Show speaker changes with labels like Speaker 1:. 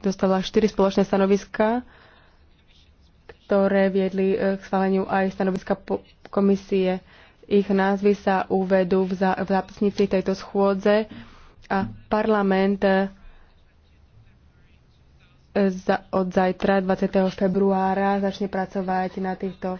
Speaker 1: dostala štyri spoločné stanoviska, ktoré viedli e, k schváleniu aj stanoviska komisie. Ich názvy sa uvedú v zápisnici tejto schôdze a parlament e, od zajtra 20. februára začne pracovať na týchto